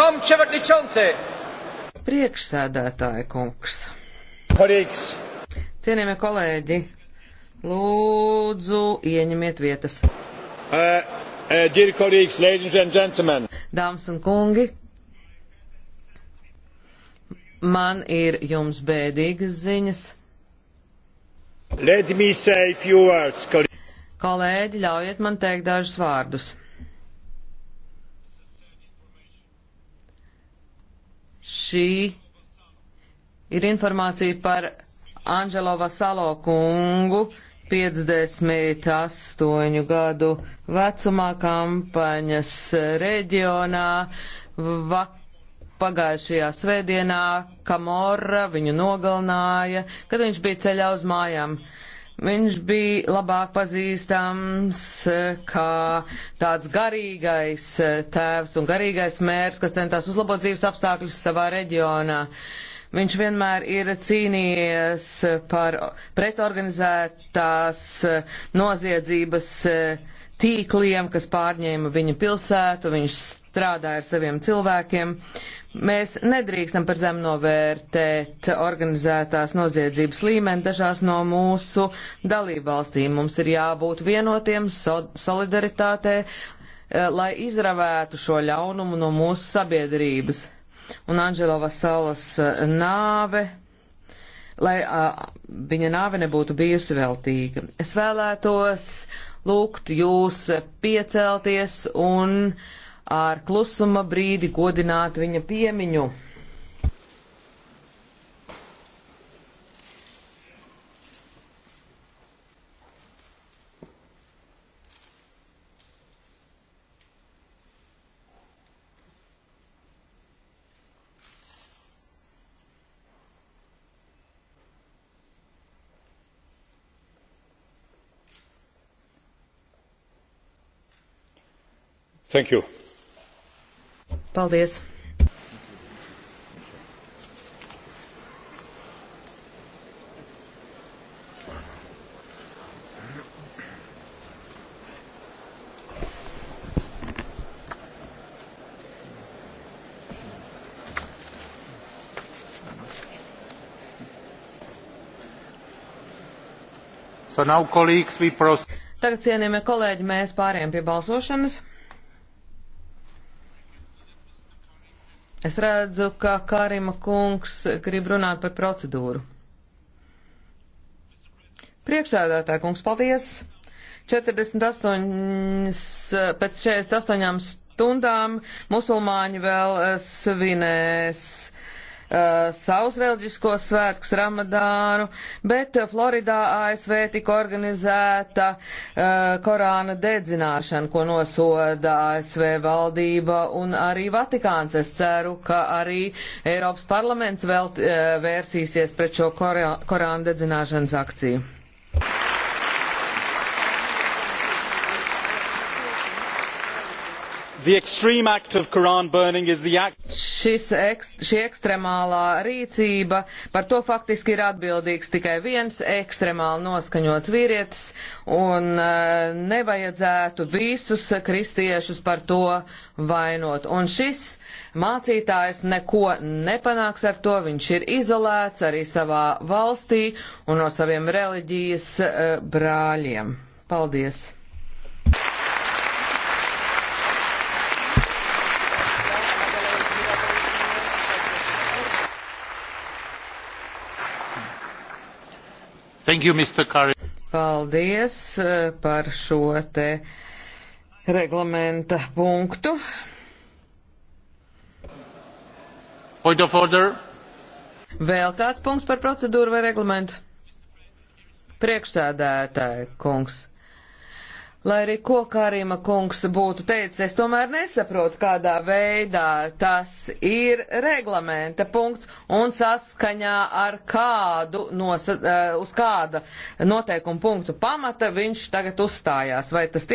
Pan Čevarničonce! Priekšsēdētāja kungs. Parīgs. Cienījamie kolēģi, lūdzu ieņemiet vietas. Uh, uh, colleagues, ladies and gentlemen. Dāmas un kungi, man ir jums bēdīgas ziņas. Let me say few words, kolēģi. Kolēģi, ļaujiet man teikt dažus vārdus. šī ir informācija par Anželo Vasalo kungu, 58 gadu vecumā kampaņas reģionā. Vak pagājušajā svētdienā Kamorra viņu nogalināja, kad viņš bija ceļā uz mājām. Uh, Viņš bija labāk pazīstams eh, kā tāds garīgais eh, tēvs un garīgais mērs, kas centās uzlabot dzīves apstākļus savā reģionā. Viņš vienmēr ir cīnījies par pretorganizētās eh, noziedzības tīkliem, kas pārņēma viņa pilsētu. Viņš strādāja ar saviem cilvēkiem. Mēs nedrīkstam par zem novērtēt organizētās noziedzības līmeni dažās no mūsu dalībvalstīm. Mums ir jābūt vienotiem so solidaritātē, eh, lai izravētu šo ļaunumu no mūsu sabiedrības. Un Anģelo Vasalas eh, nāve lai a, eh, viņa nāve nebūtu bijusi veltīga. Es vēlētos lūgt jūs piecelties un uh, ar klusuma brīdi godināt viņa piemiņu. Thank you. Paldies! So Tagad, cienījamie kolēģi, mēs pāriem pie balsošanas. Es redzu, ka Kārima kungs grib runāt par procedūru. Priekšsēdētāj kungs, paldies! 48, pēc 48 stundām musulmāņi vēl svinēs Uh, savus reliģiskos svētkus, Ramadānu, bet uh, Floridā ASV tika organizēta uh, Korāna dedzināšana, ko nosoda ASV valdība un arī Vatikāns. Es ceru, ka arī Eiropas parlaments vēl vērsīsies pret šo Korāna dedzināšanas akciju. Šis ekst, šī ekstremālā rīcība, par to faktiski ir atbildīgs tikai viens ekstremāli noskaņots vīrietis, un uh, nevajadzētu visus kristiešus par to vainot. Un šis mācītājs neko nepanāks ar to, viņš ir izolēts arī savā valstī un no saviem reliģijas uh, brāļiem. Paldies! Thank you, Mr. Kari. Paldies eh, par šo te reglamenta punktu. Point of order. Vēl kāds punkts par procedūru vai reglamentu? Priekšsēdētāji, kungs. Lai arī ko Karima kungs būtu teicis, es tomēr nesaprotu, kādā veidā tas ir reglamenta punkts un saskaņā ar kādu, nosa, eh, uz kāda noteikuma punktu pamata viņš tagad uzstājās. Vai tas